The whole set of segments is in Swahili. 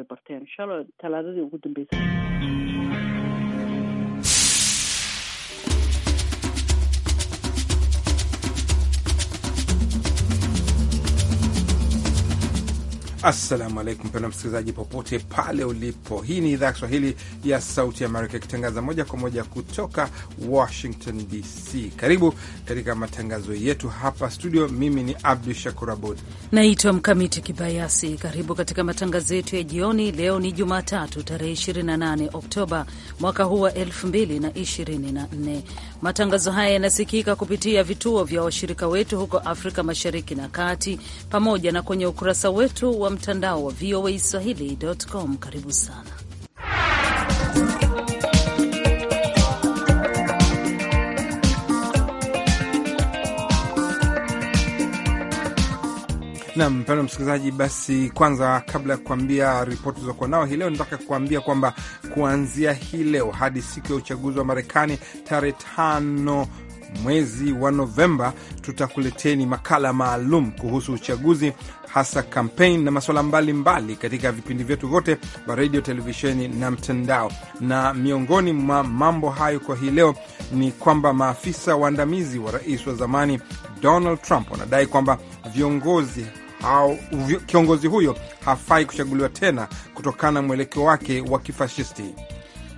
way barteen shalo talaadadii ugu dambeysay Assalamu alaikum mpendwa msikilizaji, popote pale ulipo. Hii ni idhaa ya Kiswahili ya Sauti Amerika ikitangaza moja kwa moja kutoka Washington DC. Karibu katika matangazo yetu hapa studio. Mimi ni Abdu Shakur Abud naitwa Mkamiti Kibayasi. Karibu katika matangazo yetu ya jioni. Leo ni Jumatatu tarehe 28 Oktoba mwaka huu wa 2024. Matangazo haya yanasikika kupitia vituo vya washirika wetu huko Afrika Mashariki na Kati pamoja na kwenye ukurasa wetu wa wa mtandao wa VOA Swahili.com. Karibu sana. Nam mpendo msikilizaji, basi kwanza, kabla ya kuambia ripoti zilizokuwa nao hii leo, nataka kuambia kwamba kuanzia hii leo hadi siku ya uchaguzi wa Marekani tarehe tano mwezi wa Novemba tutakuleteni makala maalum kuhusu uchaguzi, hasa kampeni na masuala mbalimbali katika vipindi vyetu vyote vya redio, televisheni na mtandao. Na miongoni mwa mambo hayo kwa hii leo ni kwamba maafisa waandamizi wa rais wa zamani Donald Trump wanadai kwamba viongozi au kiongozi huyo hafai kuchaguliwa tena kutokana na mwelekeo wake wa kifashisti.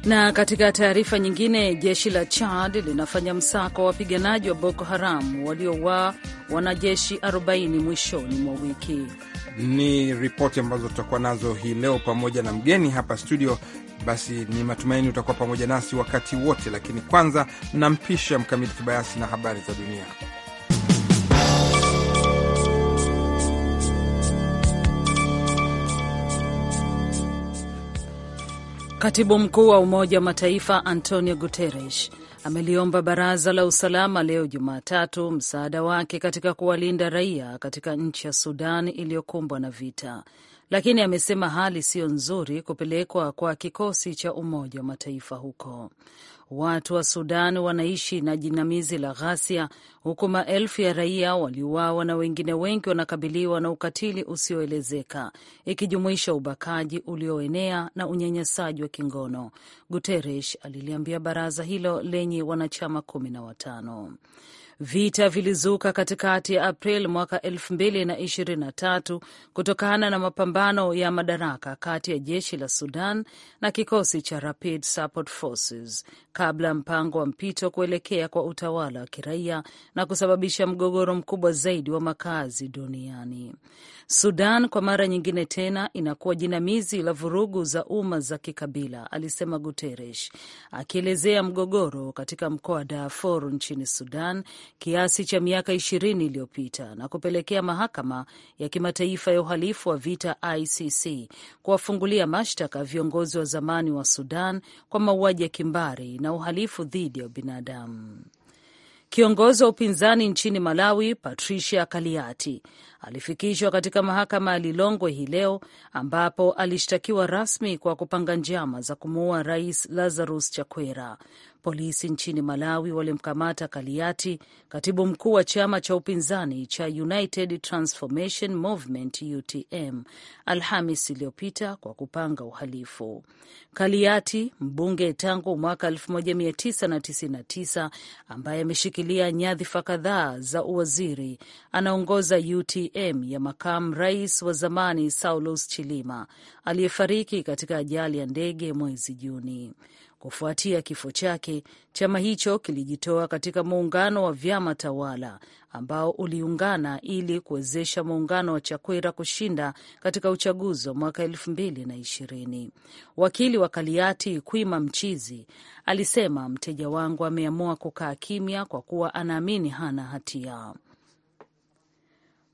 Na katika taarifa nyingine, jeshi la Chad linafanya msako wa wapiganaji wa Boko Haram waliowa wanajeshi 40 mwishoni mwa wiki. Ni ripoti ambazo tutakuwa nazo hii leo pamoja na mgeni hapa studio. Basi ni matumaini utakuwa pamoja nasi wakati wote, lakini kwanza nampisha Mkamiti Kibayasi na habari za dunia. Katibu mkuu wa Umoja wa Mataifa Antonio Guterres ameliomba Baraza la Usalama leo Jumatatu msaada wake katika kuwalinda raia katika nchi ya Sudan iliyokumbwa na vita, lakini amesema hali siyo nzuri kupelekwa kwa kikosi cha Umoja wa Mataifa huko. Watu wa Sudan wanaishi na jinamizi la ghasia, huku maelfu ya raia waliuawa na wengine wengi wanakabiliwa na ukatili usioelezeka, ikijumuisha ubakaji ulioenea na unyanyasaji wa kingono, Guterres aliliambia baraza hilo lenye wanachama kumi na watano. Vita vilizuka katikati ya Aprili mwaka 2023 kutokana na mapambano ya madaraka kati ya jeshi la Sudan na kikosi cha Rapid Support Forces kabla ya mpango wa mpito kuelekea kwa utawala wa kiraia na kusababisha mgogoro mkubwa zaidi wa makazi duniani. Sudan kwa mara nyingine tena inakuwa jinamizi la vurugu za umma za kikabila, alisema Guterres akielezea mgogoro katika mkoa wa Darfur nchini Sudan kiasi cha miaka ishirini iliyopita na kupelekea mahakama ya kimataifa ya uhalifu wa vita ICC kuwafungulia mashtaka viongozi wa zamani wa Sudan kwa mauaji ya kimbari na uhalifu dhidi ya binadamu. Kiongozi wa upinzani nchini Malawi, Patricia Kaliati, alifikishwa katika mahakama ya Lilongwe hii leo, ambapo alishtakiwa rasmi kwa kupanga njama za kumuua Rais Lazarus Chakwera Polisi nchini Malawi walimkamata Kaliati, katibu mkuu wa chama cha upinzani cha United Transformation Movement UTM, Alhamis iliyopita kwa kupanga uhalifu. Kaliati, mbunge tangu mwaka 1999 ambaye ameshikilia nyadhifa kadhaa za uwaziri, anaongoza UTM ya makamu rais wa zamani Saulus Chilima aliyefariki katika ajali ya ndege mwezi Juni. Kufuatia kifo chake, chama hicho kilijitoa katika muungano wa vyama tawala ambao uliungana ili kuwezesha muungano wa Chakwera kushinda katika uchaguzi wa mwaka elfu mbili na ishirini. Wakili wa Kaliati Kwima Mchizi alisema, mteja wangu ameamua kukaa kimya kwa kuwa anaamini hana hatia.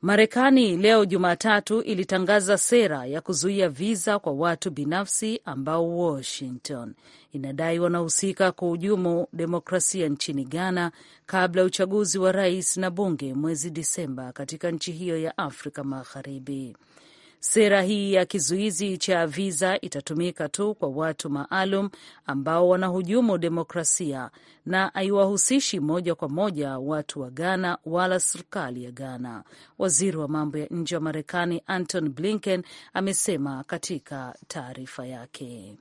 Marekani leo Jumatatu ilitangaza sera ya kuzuia viza kwa watu binafsi ambao Washington inadai wanahusika kuhujumu demokrasia nchini Ghana kabla ya uchaguzi wa rais na bunge mwezi Disemba katika nchi hiyo ya Afrika Magharibi. Sera hii ya kizuizi cha viza itatumika tu kwa watu maalum ambao wanahujumu demokrasia na haiwahusishi moja kwa moja watu wa Ghana wala serikali ya Ghana, waziri wa mambo ya nje wa Marekani Anton Blinken amesema katika taarifa yake.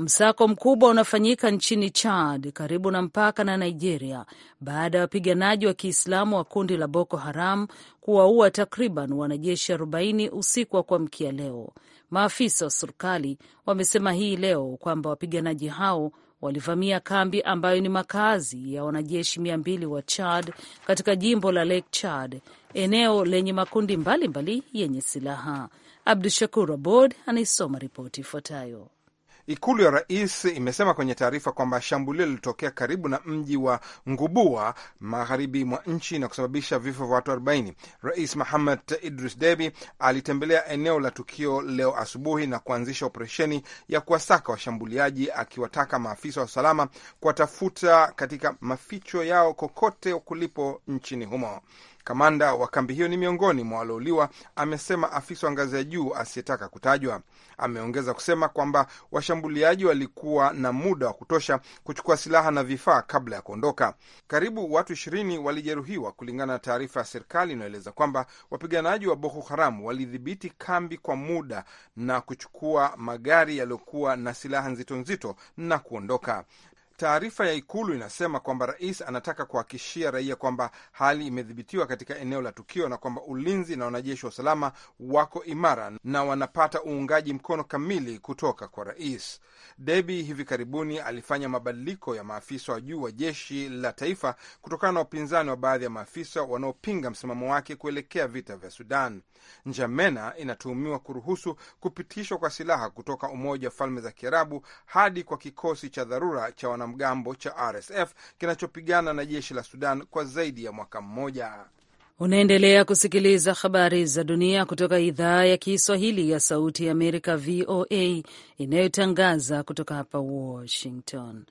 Msako mkubwa unafanyika nchini Chad karibu na mpaka na Nigeria baada ya wapiganaji wa Kiislamu wa kundi la Boko Haram kuwaua takriban wanajeshi 40 usiku wa kuamkia leo. Maafisa wa serikali wamesema hii leo kwamba wapiganaji hao walivamia kambi ambayo ni makazi ya wanajeshi mia mbili wa Chad katika jimbo la Lake Chad, eneo lenye makundi mbalimbali mbali yenye silaha. Abdu Shakur Abod anaisoma ripoti ifuatayo. Ikulu ya rais imesema kwenye taarifa kwamba shambulio lilitokea karibu na mji wa Ngubua magharibi mwa nchi na kusababisha vifo vya watu 40. Rais Mahamad Idris Deby alitembelea eneo la tukio leo asubuhi na kuanzisha operesheni ya kuwasaka washambuliaji, akiwataka maafisa wa usalama kuwatafuta katika maficho yao kokote kulipo nchini humo. Kamanda wa kambi hiyo ni miongoni mwa waliouliwa, amesema afisa wa ngazi ya juu asiyetaka kutajwa. Ameongeza kusema kwamba washambuliaji walikuwa na muda wa kutosha kuchukua silaha na vifaa kabla ya kuondoka. Karibu watu ishirini walijeruhiwa, kulingana na taarifa ya serikali inayoeleza kwamba wapiganaji wa Boko Haram walidhibiti kambi kwa muda na kuchukua magari yaliyokuwa na silaha nzito nzito na kuondoka. Taarifa ya Ikulu inasema kwamba rais anataka kuhakishia raia kwamba hali imedhibitiwa katika eneo la tukio na kwamba ulinzi na wanajeshi wa usalama wako imara na wanapata uungaji mkono kamili kutoka kwa rais. Deby hivi karibuni alifanya mabadiliko ya maafisa wa juu wa jeshi la taifa kutokana na upinzani wa baadhi ya maafisa wanaopinga msimamo wake kuelekea vita vya Sudan. Njamena inatuhumiwa kuruhusu kupitishwa kwa silaha kutoka Umoja wa Falme za Kiarabu hadi kwa kikosi cha dharura cha wana wanamgambo cha RSF kinachopigana na jeshi la Sudan kwa zaidi ya mwaka mmoja. Unaendelea kusikiliza habari za dunia kutoka idhaa ya Kiswahili ya Sauti ya Amerika, VOA, inayotangaza kutoka hapa Washington.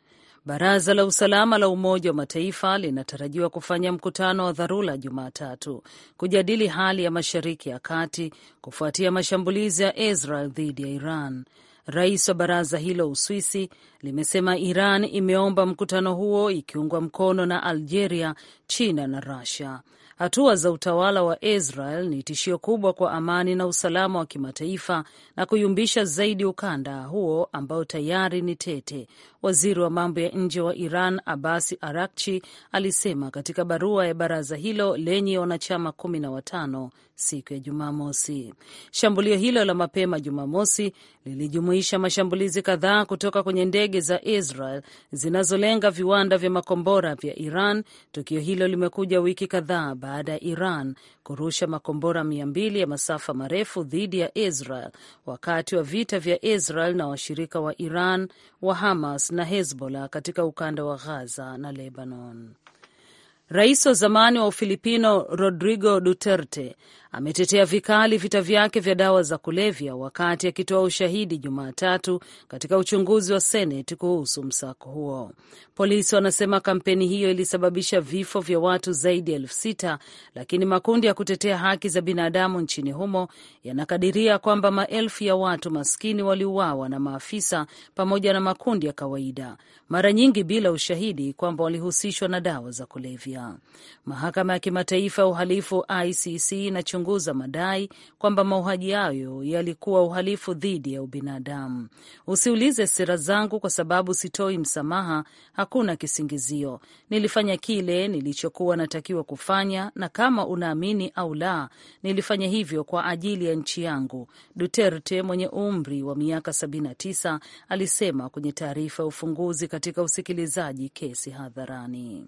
Baraza la usalama la Umoja wa Mataifa linatarajiwa kufanya mkutano wa dharura Jumatatu kujadili hali ya Mashariki ya Kati kufuatia mashambulizi ya Israel dhidi ya Iran. Rais wa baraza hilo Uswisi limesema Iran imeomba mkutano huo ikiungwa mkono na Algeria, China na rasia Hatua za utawala wa Israel ni tishio kubwa kwa amani na usalama wa kimataifa na kuyumbisha zaidi ukanda huo ambao tayari ni tete, waziri wa mambo ya nje wa Iran Abasi Arakchi alisema katika barua ya baraza hilo lenye wanachama kumi na watano siku ya Jumamosi. Shambulio hilo la mapema Jumamosi lilijumuisha mashambulizi kadhaa kutoka kwenye ndege za Israel zinazolenga viwanda vya makombora vya Iran. Tukio hilo limekuja wiki kadhaa baada ya Iran kurusha makombora mia mbili ya masafa marefu dhidi ya Israel wakati wa vita vya Israel na washirika wa Iran wa Hamas na Hezbollah katika ukanda wa Gaza na Lebanon. Rais wa zamani wa Ufilipino Rodrigo Duterte ametetea vikali vita vyake vya dawa za kulevya wakati akitoa ushahidi Jumatatu katika uchunguzi wa Seneti kuhusu msako huo. Polisi wanasema kampeni hiyo ilisababisha vifo vya watu zaidi ya elfu sita lakini makundi ya kutetea haki za binadamu nchini humo yanakadiria kwamba maelfu ya watu maskini waliuawa na maafisa pamoja na makundi ya kawaida, mara nyingi bila ushahidi kwamba walihusishwa na dawa za kulevya. Mahakama ya Kimataifa ya Uhalifu ICC na kuchunguza madai kwamba mauaji hayo yalikuwa uhalifu dhidi ya ubinadamu. Usiulize sera zangu kwa sababu sitoi msamaha. Hakuna kisingizio. Nilifanya kile nilichokuwa natakiwa kufanya, na kama unaamini au la, nilifanya hivyo kwa ajili ya nchi yangu, Duterte mwenye umri wa miaka 79 alisema kwenye taarifa ya ufunguzi katika usikilizaji kesi hadharani.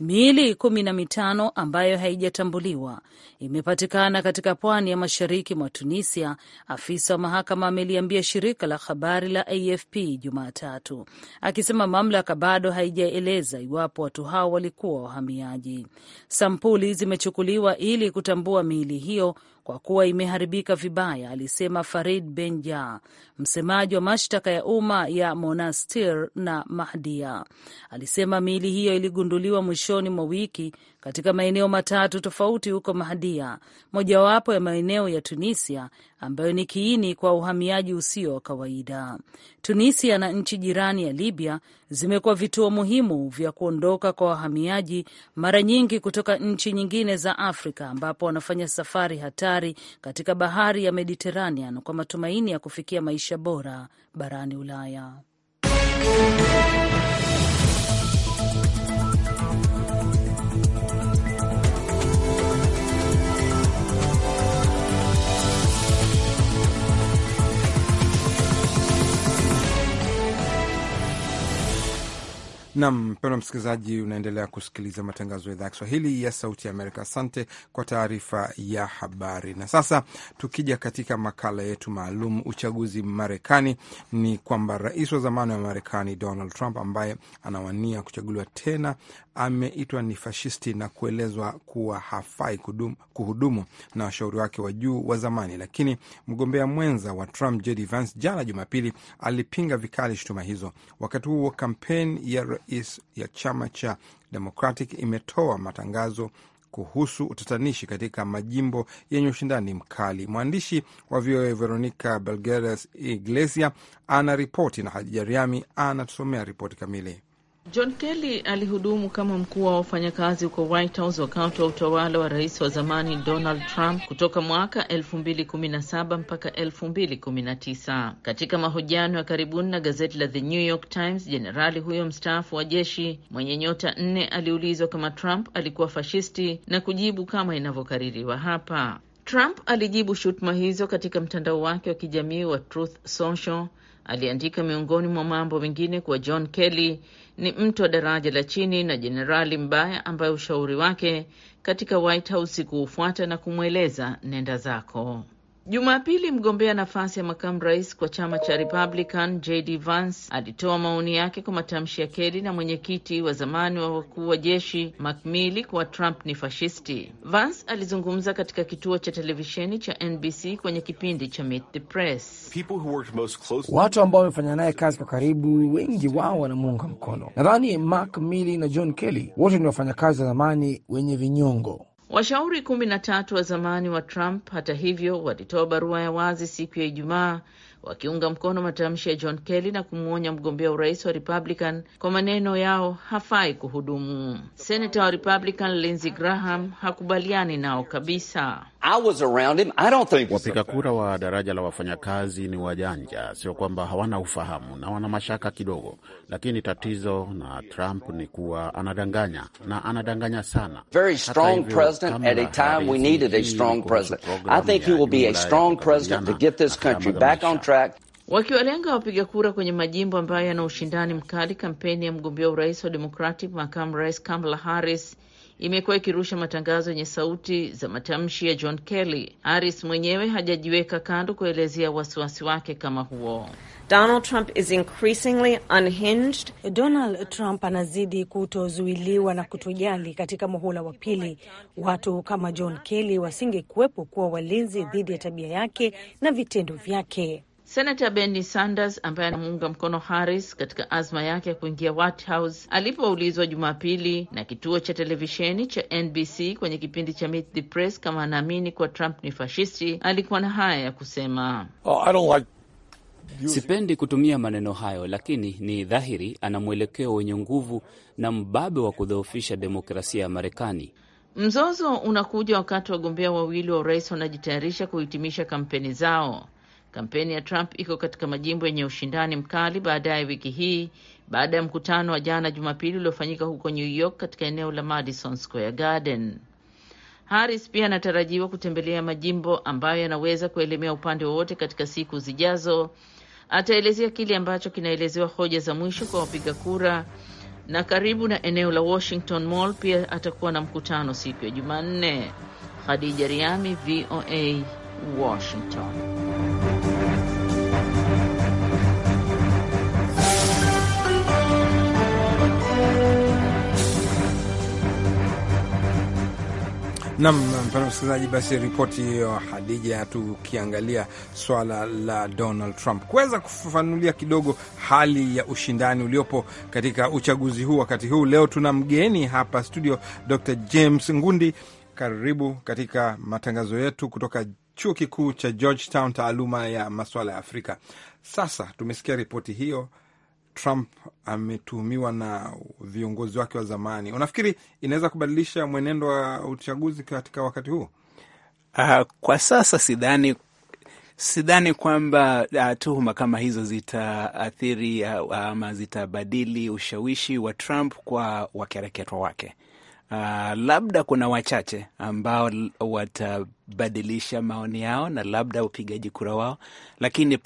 Miili kumi na mitano ambayo haijatambuliwa imepatikana katika pwani ya mashariki mwa Tunisia, afisa wa mahakama ameliambia shirika la habari la AFP Jumatatu, akisema mamlaka bado haijaeleza iwapo watu hao walikuwa wahamiaji. Sampuli zimechukuliwa ili kutambua miili hiyo kwa kuwa imeharibika vibaya, alisema Farid Benja, msemaji wa mashtaka ya umma ya Monastir na Mahdia. Alisema miili hiyo iligunduliwa mwishoni mwa wiki katika maeneo matatu tofauti huko Mahdia, mojawapo ya maeneo ya Tunisia ambayo ni kiini kwa uhamiaji usio wa kawaida. Tunisia na nchi jirani ya Libya zimekuwa vituo muhimu vya kuondoka kwa wahamiaji, mara nyingi kutoka nchi nyingine za Afrika, ambapo wanafanya safari hatari katika bahari ya Mediterranean kwa matumaini ya kufikia maisha bora barani Ulaya. Nam mpendwa msikilizaji, unaendelea kusikiliza matangazo ya idhaa ya Kiswahili ya Sauti ya Amerika. Asante kwa taarifa ya habari. Na sasa tukija katika makala yetu maalum, uchaguzi Marekani, ni kwamba rais wa zamani wa Marekani Donald Trump ambaye anawania kuchaguliwa tena ameitwa ni fashisti na kuelezwa kuwa hafai kuhudumu na washauri wake wa juu wa zamani, lakini mgombea mwenza wa Trump JD Vance jana Jumapili alipinga vikali shutuma hizo. Wakati huo kampeni ya rais ya chama cha Democratic imetoa matangazo kuhusu utatanishi katika majimbo yenye ushindani mkali. Mwandishi wa VOA Veronica Belgeres Iglesia ana ripoti na Hadija Riami anatusomea ripoti kamili. John Kelly alihudumu kama mkuu wa wafanyakazi huko White House wakati wa utawala wa rais wa zamani Donald Trump kutoka mwaka 2017 mpaka 2019. Katika mahojiano ya karibuni na gazeti la The New York Times, jenerali huyo mstaafu wa jeshi mwenye nyota nne aliulizwa kama Trump alikuwa fashisti na kujibu kama inavyokaririwa hapa. Trump alijibu shutuma hizo katika mtandao wake wa kijamii wa Truth Social aliandika miongoni mwa mambo mengine kuwa John Kelly ni mtu wa daraja la chini na jenerali mbaya ambaye ushauri wake katika White House kuufuata na kumweleza nenda zako. Jumapili mgombea nafasi ya makamu rais kwa chama cha Republican JD Vance alitoa maoni yake kwa matamshi ya Kerry na mwenyekiti wa zamani wa wakuu wa jeshi McMillan kuwa Trump ni fashisti. Vance alizungumza katika kituo cha televisheni cha NBC kwenye kipindi cha Meet the Press. Watu ambao wamefanya naye kazi kwa karibu, wengi wao wanamuunga mkono. Nadhani Mark Milley na John Kelly wote ni wafanyakazi wa zamani wenye vinyongo Washauri kumi na tatu wa zamani wa Trump hata hivyo walitoa barua ya wazi siku ya Ijumaa wakiunga mkono matamshi ya John Kelly na kumwonya mgombea urais wa Republican kwa maneno yao hafai kuhudumu. Senata wa Republican Lindsey Graham hakubaliani nao kabisa. Wapiga kura wa daraja la wafanyakazi ni wajanja, sio kwamba hawana ufahamu na wana mashaka kidogo, lakini tatizo na Trump ni kuwa anadanganya na anadanganya sana contract. Wakiwalenga wapiga kura kwenye majimbo ambayo yana ushindani mkali, kampeni ya mgombea urais wa Democratic, makamu rais Kamala Harris imekuwa ikirusha matangazo yenye sauti za matamshi ya John Kelly. Harris mwenyewe hajajiweka kando kuelezea wasiwasi wake kama huo. Donald Trump is increasingly unhinged. Donald Trump anazidi kutozuiliwa na kutojali. Katika muhula wa pili, watu kama John Kelly wasingekuwepo kuwa walinzi dhidi ya tabia yake na vitendo vyake. Senata Bernie Sanders ambaye anamuunga mkono Harris katika azma yake ya kuingia White House alipoulizwa Jumapili na kituo cha televisheni cha NBC kwenye kipindi cha Meet the Press kama anaamini kuwa Trump ni fashisti, alikuwa na haya ya kusema. Oh, I don't like... Sipendi kutumia maneno hayo, lakini ni dhahiri ana mwelekeo wenye nguvu na mbabe wa kudhoofisha demokrasia ya Marekani. Mzozo unakuja wakati wagombea wawili wa urais wanajitayarisha kuhitimisha kampeni zao. Kampeni ya Trump iko katika majimbo yenye ushindani mkali baadaye wiki hii baada ya mkutano wa jana Jumapili uliofanyika huko New York katika eneo la Madison Square Garden. Harris pia anatarajiwa kutembelea majimbo ambayo yanaweza kuelemea upande wowote katika siku zijazo. Ataelezea kile ambacho kinaelezewa hoja za mwisho kwa wapiga kura na karibu na eneo la Washington Mall. Pia atakuwa na mkutano siku ya Jumanne. Khadija Riami, VOA, Washington. Nam mpendwa msikilizaji, basi ripoti hiyo Hadija, tukiangalia swala la Donald Trump kuweza kufafanulia kidogo hali ya ushindani uliopo katika uchaguzi huu wakati huu. Leo tuna mgeni hapa studio, Dr James Ngundi. Karibu katika matangazo yetu kutoka chuo kikuu cha Georgetown, taaluma ya masuala ya Afrika. Sasa tumesikia ripoti hiyo, Trump ametuhumiwa na viongozi wake wa zamani. Unafikiri inaweza kubadilisha mwenendo wa uchaguzi katika wakati huu? Uh, kwa sasa sidhani sidhani kwamba uh, tuhuma kama hizo zitaathiri uh, ama zitabadili ushawishi wa Trump kwa wakereketwa wake Uh, labda kuna wachache ambao watabadilisha maoni yao na labda upigaji kura wao, lakini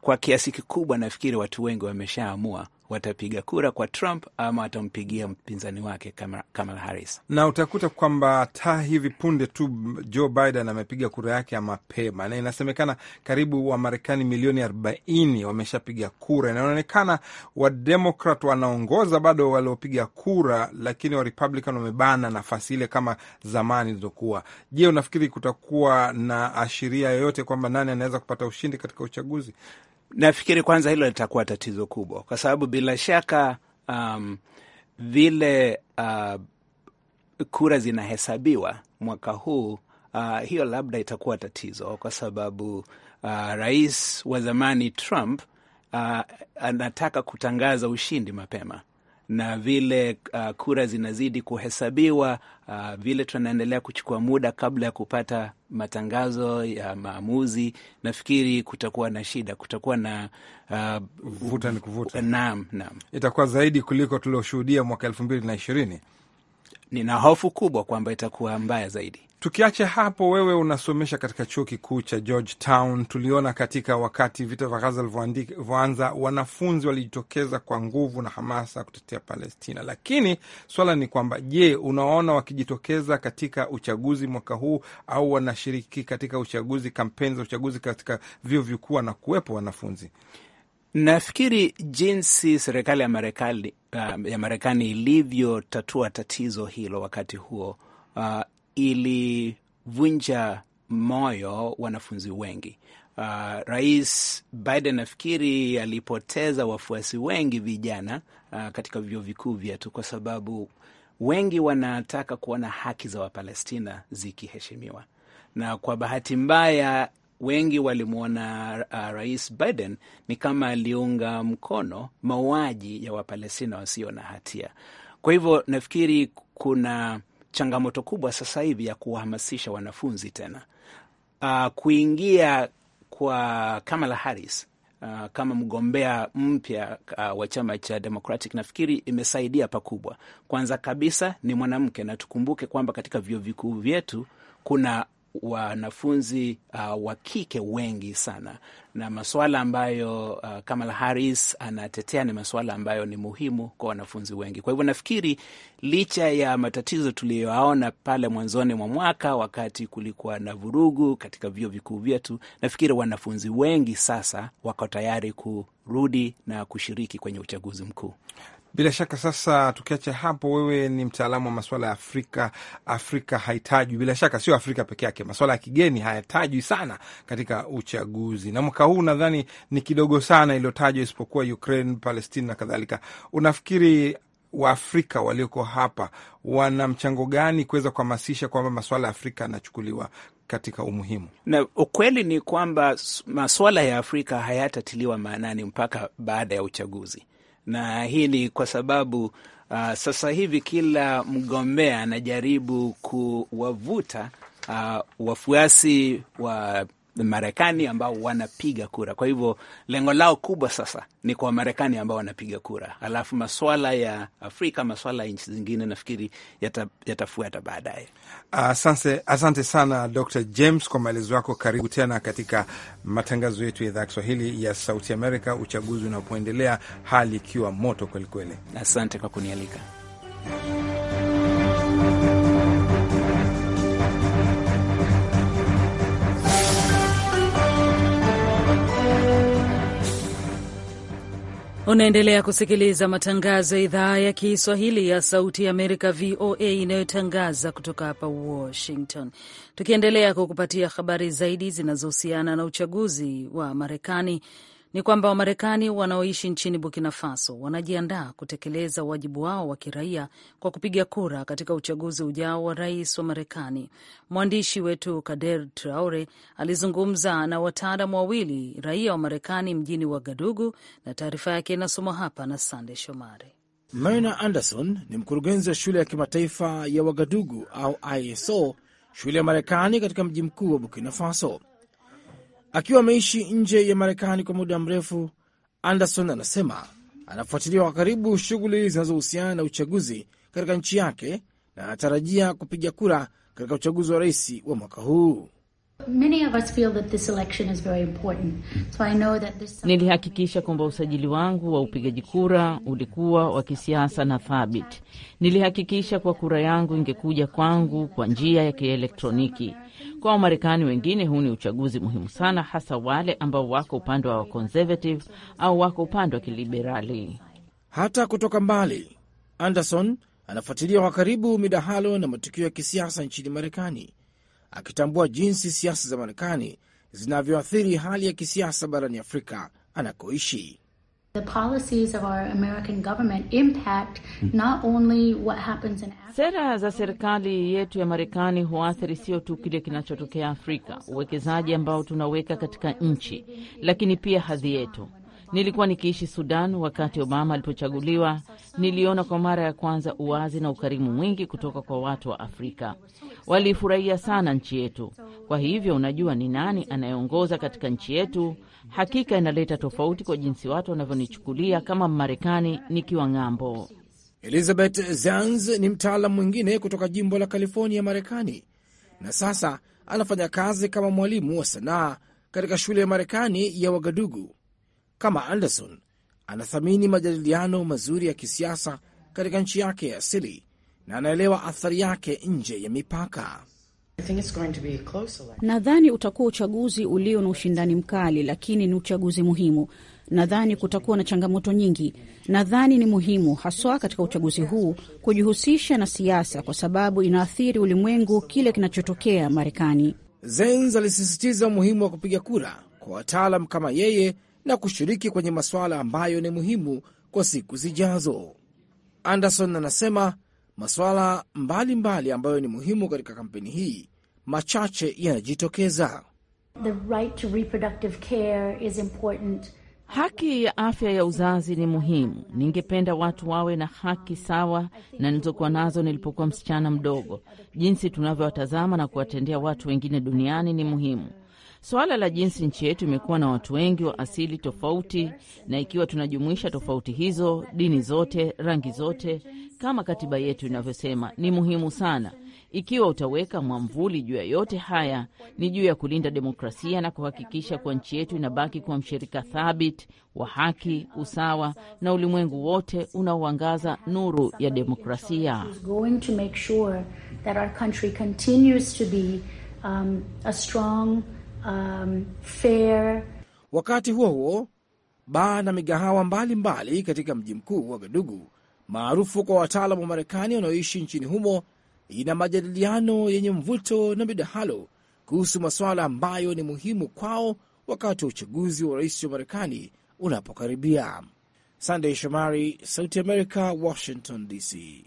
kwa kiasi kikubwa nafikiri watu wengi wameshaamua watapiga kura kwa Trump ama watampigia mpinzani wake Kamala Harris. Na utakuta kwamba ta hivi punde tu Joe Biden amepiga kura yake ya mapema, na inasemekana karibu Wamarekani milioni 40 wameshapiga kura, inaonekana Wademokrat wanaongoza bado waliopiga kura, lakini Warepublican wamebana nafasi ile kama zamani ilizokuwa. Je, unafikiri kutakuwa na ashiria yoyote kwamba nani anaweza kupata ushindi katika uchaguzi? Nafikiri kwanza hilo litakuwa tatizo kubwa, kwa sababu bila shaka um, vile uh, kura zinahesabiwa mwaka huu uh, hiyo labda itakuwa tatizo, kwa sababu uh, rais wa zamani Trump uh, anataka kutangaza ushindi mapema na vile uh, kura zinazidi kuhesabiwa uh, vile tunaendelea kuchukua muda kabla ya kupata matangazo ya maamuzi, nafikiri kutakuwa na shida, kutakuwa na uh, vuta ni kuvuta. Naam, naam, itakuwa zaidi kuliko tulioshuhudia mwaka elfu mbili na ishirini. Nina hofu kubwa kwamba itakuwa mbaya zaidi. Tukiacha hapo, wewe unasomesha katika chuo kikuu cha Georgetown. Tuliona katika wakati vita vya Gaza vilivyoanza, wanafunzi walijitokeza kwa nguvu na hamasa kutetea Palestina, lakini swala ni kwamba, je, unaona wakijitokeza katika uchaguzi mwaka huu au wanashiriki katika uchaguzi, kampeni za uchaguzi katika vyuo vikuu na kuwepo wanafunzi? Nafikiri jinsi serikali ya Marekani uh, ya Marekani ilivyotatua tatizo hilo wakati huo uh, ilivunja moyo wanafunzi wengi. Uh, Rais Biden nafikiri alipoteza wafuasi wengi vijana uh, katika vyuo vikuu vyetu kwa sababu wengi wanataka kuona haki za Wapalestina zikiheshimiwa, na kwa bahati mbaya wengi walimwona uh, Rais Biden ni kama aliunga mkono mauaji ya Wapalestina wasio na hatia. Kwa hivyo nafikiri kuna changamoto kubwa sasa hivi ya kuwahamasisha wanafunzi tena uh, kuingia kwa Kamala Harris uh, kama mgombea mpya uh, wa chama cha Democratic nafikiri imesaidia pakubwa. Kwanza kabisa ni mwanamke, na tukumbuke kwamba katika vyuo vikuu vyetu kuna wanafunzi uh, wa kike wengi sana, na masuala ambayo uh, Kamala Harris anatetea ni masuala ambayo ni muhimu kwa wanafunzi wengi. Kwa hivyo nafikiri licha ya matatizo tuliyoyaona pale mwanzoni mwa mwaka wakati kulikuwa na vurugu katika vyuo vikuu vyetu, nafikiri wanafunzi wengi sasa wako tayari kurudi na kushiriki kwenye uchaguzi mkuu. Bila shaka sasa, tukiacha hapo, wewe ni mtaalamu wa maswala ya Afrika. Afrika haitajwi bila shaka, sio Afrika peke yake, maswala ya kigeni hayatajwi sana katika uchaguzi, na mwaka huu nadhani ni kidogo sana iliyotajwa, isipokuwa Ukraine, palestine na kadhalika. Unafikiri Waafrika walioko hapa wana mchango gani kuweza kuhamasisha kwamba masuala ya Afrika yanachukuliwa katika umuhimu? Na ukweli ni kwamba masuala ya Afrika hayatatiliwa maanani mpaka baada ya uchaguzi na hii ni kwa sababu uh, sasa hivi kila mgombea anajaribu kuwavuta uh, wafuasi wa Marekani ambao wanapiga kura. Kwa hivyo lengo lao kubwa sasa ni kwa Wamarekani ambao wanapiga kura, alafu maswala ya Afrika, maswala ya nchi zingine nafikiri yatafuata yata baadaye. Asante, asante sana Dr James kwa maelezo yako. Karibu tena katika matangazo yetu ya idhaa ya Kiswahili ya Sauti Amerika, uchaguzi unapoendelea, hali ikiwa moto kwelikweli. Asante kwa kunialika. Unaendelea kusikiliza matangazo ya idhaa ya Kiswahili ya Sauti ya Amerika, VOA, inayotangaza kutoka hapa Washington. Tukiendelea kukupatia habari zaidi zinazohusiana na uchaguzi wa Marekani ni kwamba Wamarekani wanaoishi nchini Burkina Faso wanajiandaa kutekeleza wajibu wao wa kiraia kwa kupiga kura katika uchaguzi ujao wa rais wa Marekani. Mwandishi wetu Kader Traore alizungumza na wataalam wawili raia wa Marekani mjini Wagadugu, na taarifa yake inasomwa hapa na Sande Shomari. Marina Anderson ni mkurugenzi wa shule ya kimataifa ya Wagadugu au ISO, shule ya Marekani katika mji mkuu wa Burkina Faso. Akiwa ameishi nje ya Marekani kwa muda mrefu, Anderson anasema anafuatilia kwa karibu shughuli zinazohusiana na uchaguzi katika nchi yake na anatarajia kupiga kura katika uchaguzi wa rais wa mwaka huu. Nilihakikisha kwamba usajili wangu wa upigaji kura ulikuwa wa kisiasa na thabiti. Nilihakikisha kwa kura yangu ingekuja kwangu kwa njia ya kielektroniki. Kwa Wamarekani wengine, huu ni uchaguzi muhimu sana, hasa wale ambao wako upande wa conservative au wako upande wa kiliberali. Hata kutoka mbali, Anderson anafuatilia kwa karibu midahalo na matukio ya kisiasa nchini Marekani akitambua jinsi siasa za Marekani zinavyoathiri hali ya kisiasa barani Afrika anakoishi. Sera za serikali yetu ya Marekani huathiri sio tu kile kinachotokea Afrika, uwekezaji ambao tunaweka katika nchi, lakini pia hadhi yetu. Nilikuwa nikiishi Sudan wakati Obama alipochaguliwa. Niliona kwa mara ya kwanza uwazi na ukarimu mwingi kutoka kwa watu wa Afrika. Walifurahia sana nchi yetu. Kwa hivyo unajua ni nani anayeongoza katika nchi yetu. Hakika inaleta tofauti kwa jinsi watu wanavyonichukulia kama Mmarekani nikiwa ng'ambo. Elizabeth zans ni mtaalam mwingine kutoka jimbo la California, Marekani, na sasa anafanya kazi kama mwalimu wa sanaa katika shule ya Marekani ya Wagadugu. Kama Anderson, anathamini majadiliano mazuri ya kisiasa katika nchi yake ya asili na anaelewa athari yake nje ya mipaka. Nadhani utakuwa uchaguzi ulio na ushindani mkali, lakini ni uchaguzi muhimu. Nadhani kutakuwa na changamoto nyingi. Nadhani ni muhimu haswa katika uchaguzi huu kujihusisha na siasa, kwa sababu inaathiri ulimwengu, kile kinachotokea Marekani. Zenz alisisitiza umuhimu wa kupiga kura kwa wataalam kama yeye na kushiriki kwenye masuala ambayo ni muhimu kwa siku zijazo. Anderson anasema masuala mbalimbali ambayo ni muhimu katika kampeni hii, machache yanajitokeza. Right, haki ya afya ya uzazi ni muhimu. Ningependa watu wawe na haki sawa na nilizokuwa nazo nilipokuwa msichana mdogo. Jinsi tunavyowatazama na kuwatendea watu wengine duniani ni muhimu. Suala la jinsi nchi yetu imekuwa na watu wengi wa asili tofauti, na ikiwa tunajumuisha tofauti hizo, dini zote, rangi zote, kama katiba yetu inavyosema ni muhimu sana. Ikiwa utaweka mwamvuli juu ya yote haya, ni juu ya kulinda demokrasia na kuhakikisha kuwa nchi yetu inabaki kuwa mshirika thabiti wa haki, usawa na ulimwengu wote unaoangaza nuru ya demokrasia. Um, um, Wakati huo huo, baa na migahawa mbalimbali mbali katika mji mkuu wa Gadugu maarufu kwa wataalam wa Marekani wanaoishi nchini humo, ina majadiliano yenye mvuto na midahalo kuhusu masuala ambayo ni muhimu kwao wakati wa uchaguzi wa rais wa Marekani unapokaribia. Sandey Shomari, Sauti America, Washington DC.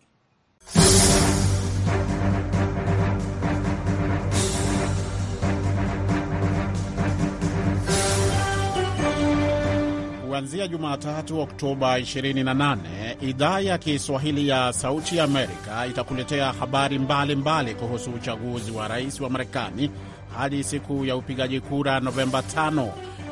kuanzia Jumatatu Oktoba 28 idhaa ya Kiswahili ya Sauti ya Amerika itakuletea habari mbalimbali mbali kuhusu uchaguzi wa rais wa Marekani hadi siku ya upigaji kura Novemba 5.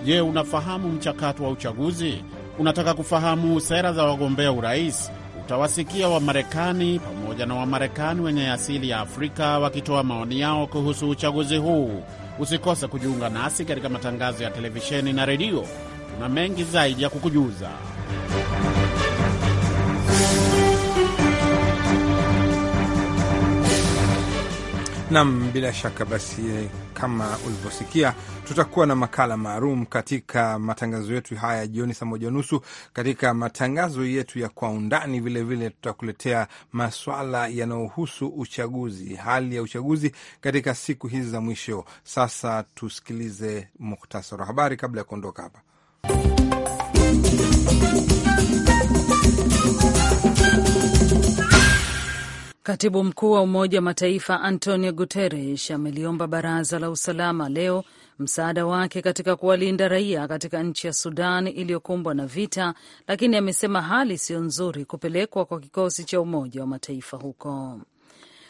Je, unafahamu mchakato wa uchaguzi? Unataka kufahamu sera za wagombea urais? Utawasikia Wamarekani pamoja na Wamarekani wenye asili ya Afrika wakitoa maoni yao kuhusu uchaguzi huu. Usikose kujiunga nasi katika matangazo ya televisheni na redio tuna mengi zaidi ya kukujuza. Nam, bila shaka basi, eh, kama ulivyosikia, tutakuwa na makala maalum katika matangazo yetu haya jioni saa moja nusu. Katika matangazo yetu ya kwa undani, vilevile tutakuletea maswala yanayohusu uchaguzi, hali ya uchaguzi katika siku hizi za mwisho. Sasa tusikilize muhtasari wa habari kabla ya kuondoka hapa. Katibu mkuu wa Umoja wa Mataifa Antonio Guterres ameliomba Baraza la Usalama leo msaada wake katika kuwalinda raia katika nchi ya Sudan iliyokumbwa na vita, lakini amesema hali siyo nzuri kupelekwa kwa kikosi cha Umoja wa Mataifa huko.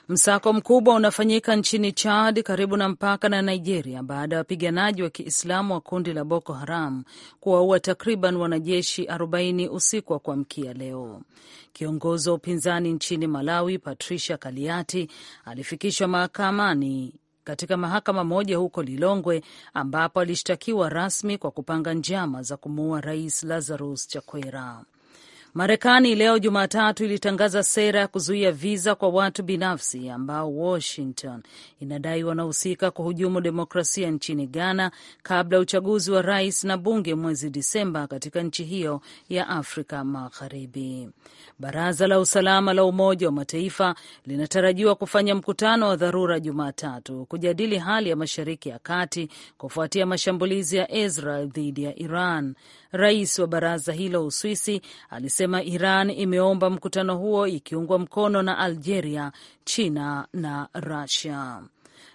Msako mkubwa unafanyika nchini Chad karibu na mpaka na Nigeria baada ya wapiganaji wa Kiislamu wa kundi la Boko Haram kuwaua takriban wanajeshi 40 usiku wa kuamkia leo. Kiongozi wa upinzani nchini Malawi, Patricia Kaliati, alifikishwa mahakamani katika mahakama moja huko Lilongwe ambapo alishtakiwa rasmi kwa kupanga njama za kumuua Rais Lazarus Chakwera. Marekani leo Jumatatu ilitangaza sera ya kuzuia viza kwa watu binafsi ambao Washington inadai wanahusika kuhujumu demokrasia nchini Ghana kabla ya uchaguzi wa rais na bunge mwezi Disemba katika nchi hiyo ya Afrika Magharibi. Baraza la Usalama la Umoja wa Mataifa linatarajiwa kufanya mkutano wa dharura Jumatatu kujadili hali ya Mashariki ya Kati kufuatia mashambulizi ya Israel dhidi ya Iran. Rais wa baraza hilo Uswisi alisema Iran imeomba mkutano huo ikiungwa mkono na Algeria, China na Rusia.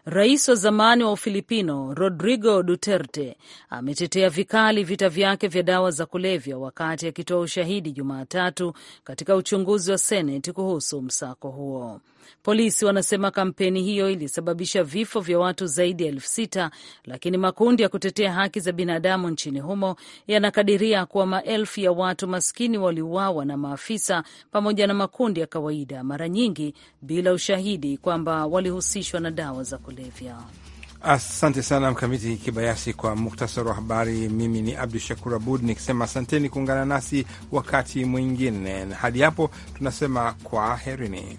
Rais wa zamani wa Ufilipino Rodrigo Duterte ametetea vikali vita vyake vya dawa za kulevya wakati akitoa ushahidi Jumatatu katika uchunguzi wa Seneti kuhusu msako huo. Polisi wanasema kampeni hiyo ilisababisha vifo vya watu zaidi ya elfu sita lakini makundi ya kutetea haki za binadamu nchini humo yanakadiria kuwa maelfu ya watu maskini waliuawa na maafisa pamoja na makundi ya kawaida, mara nyingi bila ushahidi kwamba walihusishwa na dawa za kulevya. Asante sana Mkamiti Kibayasi kwa muktasari wa habari. Mimi ni Abdu Shakur Abud nikisema asanteni kuungana nasi wakati mwingine, hadi hapo tunasema kwaherini.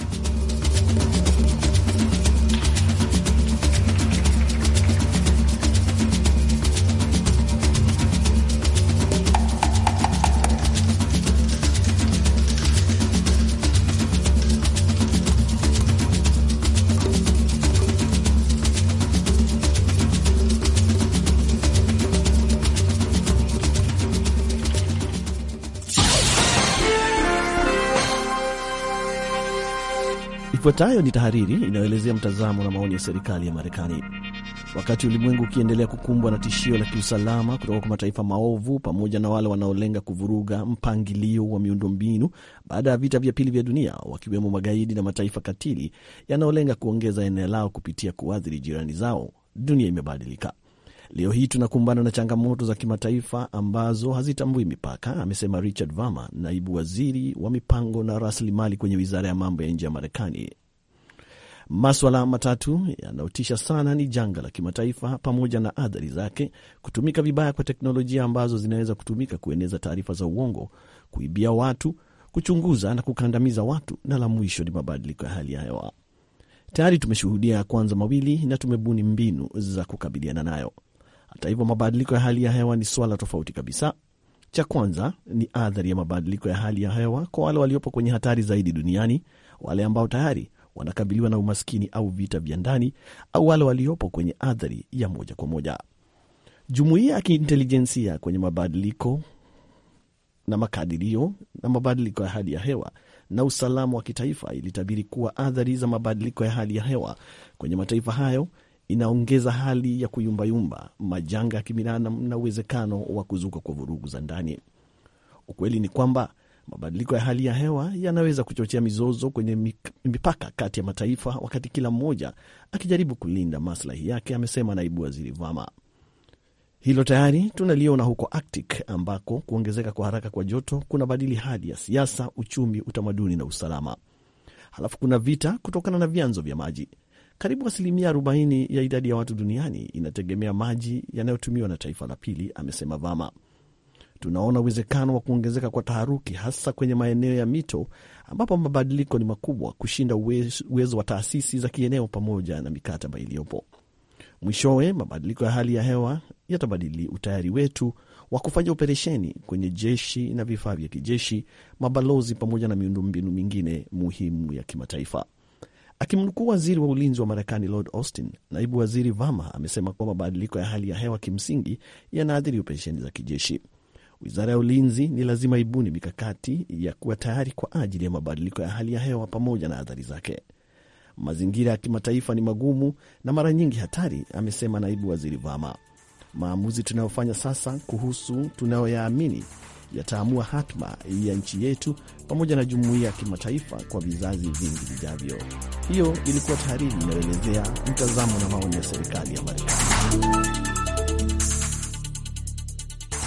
Ifuatayo ni tahariri inayoelezea mtazamo na maoni ya serikali ya Marekani. Wakati ulimwengu ukiendelea kukumbwa na tishio la kiusalama kutoka kwa mataifa maovu pamoja na wale wanaolenga kuvuruga mpangilio wa miundombinu baada ya vita vya pili vya dunia, wakiwemo magaidi na mataifa katili yanayolenga kuongeza eneo lao kupitia kuathiri jirani zao, dunia imebadilika. Leo hii tunakumbana na changamoto za kimataifa ambazo hazitambui mipaka, amesema Richard Varma, naibu waziri wa mipango na rasilimali kwenye wizara ya mambo ya nje ya Marekani. Maswala matatu yanayotisha sana ni janga la kimataifa pamoja na athari zake, kutumika vibaya kwa teknolojia ambazo zinaweza kutumika kueneza taarifa za uongo, kuibia watu, kuchunguza na kukandamiza watu, na la mwisho ni mabadiliko ya hali ya hewa. Tayari tumeshuhudia ya kwanza mawili na tumebuni mbinu za kukabiliana nayo. Hata hivyo, mabadiliko ya hali ya hewa ni swala tofauti kabisa. Cha kwanza ni athari ya mabadiliko ya hali ya hewa kwa wale waliopo kwenye hatari zaidi duniani, wale ambao tayari wanakabiliwa na umaskini au vita vya ndani, au wale waliopo kwenye athari ya moja kwa moja. Jumuiya ya kiintelijensia kwenye mabadiliko na makadirio na mabadiliko ya hali ya hewa na usalama wa kitaifa ilitabiri kuwa athari za mabadiliko ya hali ya hewa kwenye mataifa hayo inaongeza hali ya kuyumbayumba, majanga ya kibinadamu na uwezekano wa kuzuka kwa vurugu za ndani. Ukweli ni kwamba mabadiliko ya hali ya hewa yanaweza kuchochea mizozo kwenye mipaka kati ya mataifa, wakati kila mmoja akijaribu kulinda maslahi yake, amesema naibu waziri Vama. Hilo tayari tunaliona huko Arctic ambako kuongezeka kwa haraka kwa joto kuna badili hali ya siasa, uchumi, utamaduni na usalama. Halafu kuna vita kutokana na vyanzo vya maji. Karibu asilimia 40 ya idadi ya watu duniani inategemea maji yanayotumiwa na taifa la pili, amesema Vama. Tunaona uwezekano wa kuongezeka kwa taharuki hasa kwenye maeneo ya mito ambapo mabadiliko ni makubwa kushinda uwezo wa taasisi za kieneo pamoja na mikataba iliyopo. Mwishowe, mabadiliko ya hali ya hewa yatabadili utayari wetu wa kufanya operesheni kwenye jeshi na vifaa vya kijeshi, mabalozi pamoja na miundombinu mingine muhimu ya kimataifa. Akimnukuu waziri wa ulinzi wa Marekani Lord Austin, naibu waziri Vama amesema kuwa mabadiliko ya hali ya hewa kimsingi yanaathiri operesheni za kijeshi. Wizara ya ulinzi ni lazima ibuni mikakati ya kuwa tayari kwa ajili ya mabadiliko ya hali ya hewa pamoja na athari zake. Mazingira ya kimataifa ni magumu na mara nyingi hatari, amesema naibu waziri Vama. Maamuzi tunayofanya sasa kuhusu tunayoyaamini yataamua hatma ya nchi yetu pamoja na jumuiya ya kimataifa kwa vizazi vingi vijavyo. Hiyo ilikuwa tahariri inayoelezea mtazamo na maoni ya serikali ya Marekani.